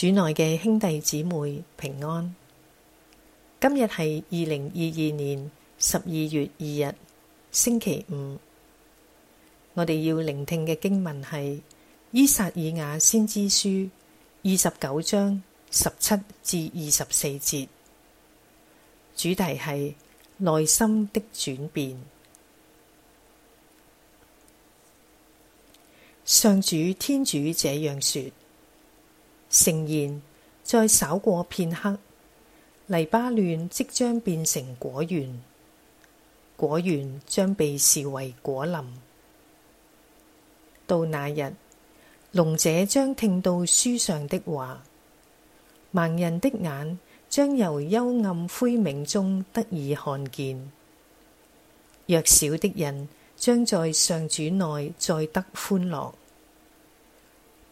主內嘅兄弟姊妹平安。今日係二零二二年十二月二日星期五。我哋要聆聽嘅經文係《依撒意亞先知書》二十九章十七至二十四節。主題係耐心的轉變。上主天主這樣說。誠然，再稍過片刻，黎巴嫩即將變成果園，果園將被視為果林。到那日，聾者將聽到書上的話，盲人的眼將由幽暗晦暝中得以看見，弱小的人將在上主內再得歡樂，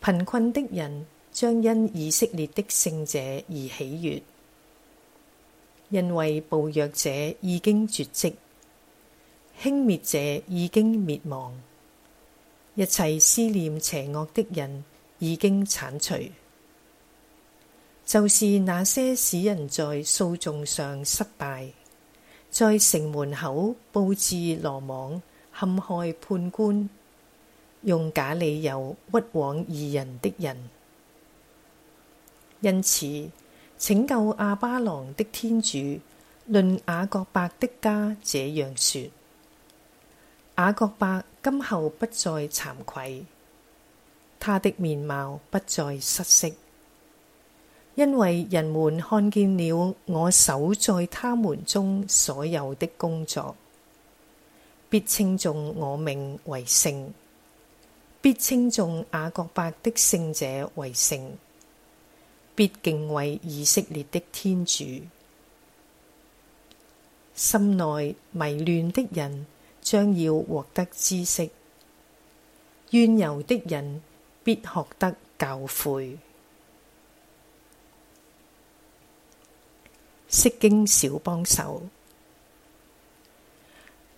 貧困的人，將因以色列的聖者而喜悅，因為暴虐者已經絕跡，輕蔑者已經滅亡，一切思念邪惡的人已經剷除，就是那些使人在訴訟上失敗，在城門口佈置羅網、陷害判官、用假理由屈枉義人的人。因此，拯救亞巴郎的天主論雅各伯的家這樣說：雅各伯今後不再慚愧，他的面貌不再失色，因為人們看見了我手在他們中所有的工作，必稱頌我名為聖，必稱頌雅各伯的聖者為聖。必敬畏以色列的天主，心內迷亂的人將要獲得知識，怨尤的人必學得教誨。釋經小幫手，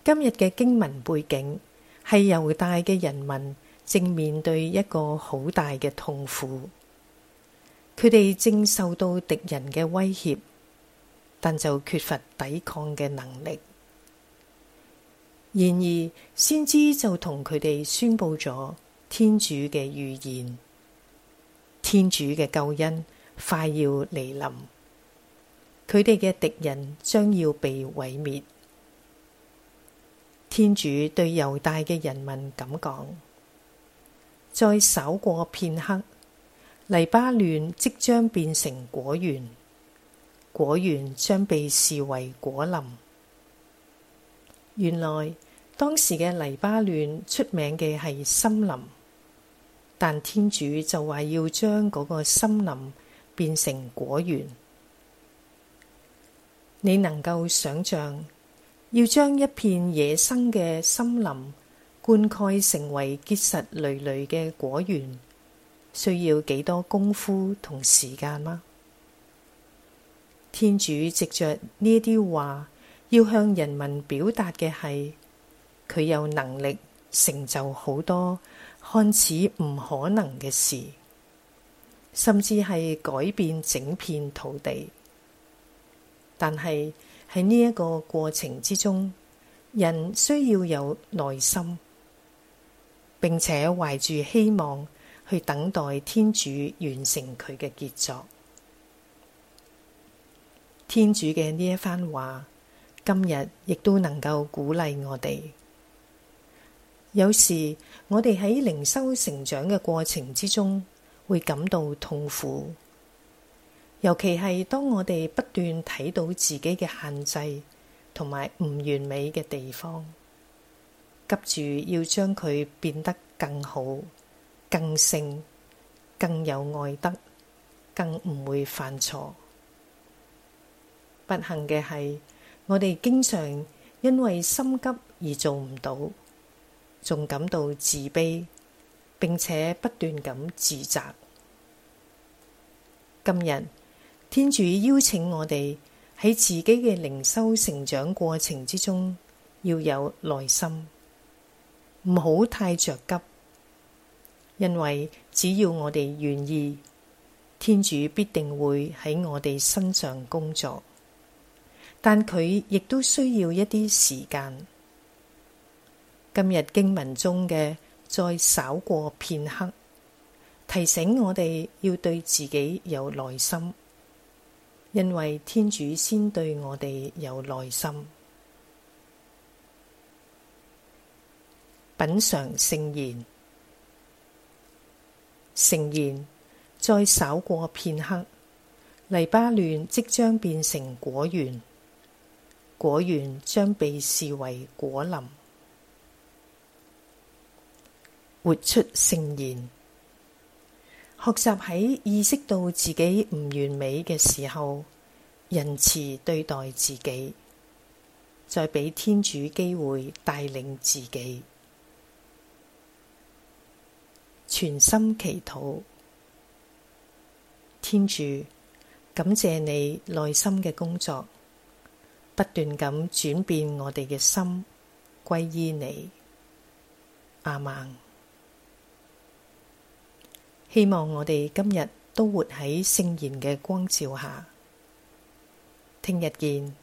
今日嘅經文背景係猶大嘅人民正面對一個好大嘅痛苦。佢哋正受到敵人嘅威脅，但就缺乏抵抗嘅能力。然而，先知就同佢哋宣布咗天主嘅預言：天主嘅救恩快要嚟臨，佢哋嘅敵人將要被毀滅。天主對猶大嘅人民咁講：再稍過片刻。黎巴嫩即將變成果園，果園將被視為果林。原來當時嘅黎巴嫩出名嘅係森林，但天主就話要將嗰個森林變成果園。你能夠想象，要將一片野生嘅森林灌溉成為結實纍纍嘅果園，需要幾多功夫同時間嗎？天主藉着呢啲話，要向人民表達嘅係佢有能力成就好多看似唔可能嘅事，甚至係改變整片土地。但係喺呢一個過程之中，人需要有耐心，並且懷住希望。去等待天主完成佢嘅傑作。天主嘅呢一番話，今日亦都能夠鼓勵我哋。有時我哋喺靈修成長嘅過程之中，會感到痛苦，尤其係當我哋不斷睇到自己嘅限制同埋唔完美嘅地方，急住要將佢變得更好。更聖，更有愛德，更唔會犯錯。不幸嘅係，我哋經常因為心急而做唔到，仲感到自卑，並且不斷咁自責。今日天主邀請我哋喺自己嘅靈修成長過程之中，要有耐心，唔好太着急。因為只要我哋願意，天主必定會喺我哋身上工作，但佢亦都需要一啲時間。今日經文中嘅再稍過片刻，提醒我哋要對自己有耐心，因為天主先對我哋有耐心。品嚐聖言。聖言，再稍過片刻，黎巴嫩即將變成果園，果園將被視為果林。活出聖言。學習喺意識到自己唔完美嘅時候，仁慈對待自己，再俾天主機會帶領自己。全心祈禱，天主，感謝你耐心嘅工作，不斷咁轉變我哋嘅心，歸依你，阿們。希望我哋今日都活喺聖言嘅光照下，聽日見。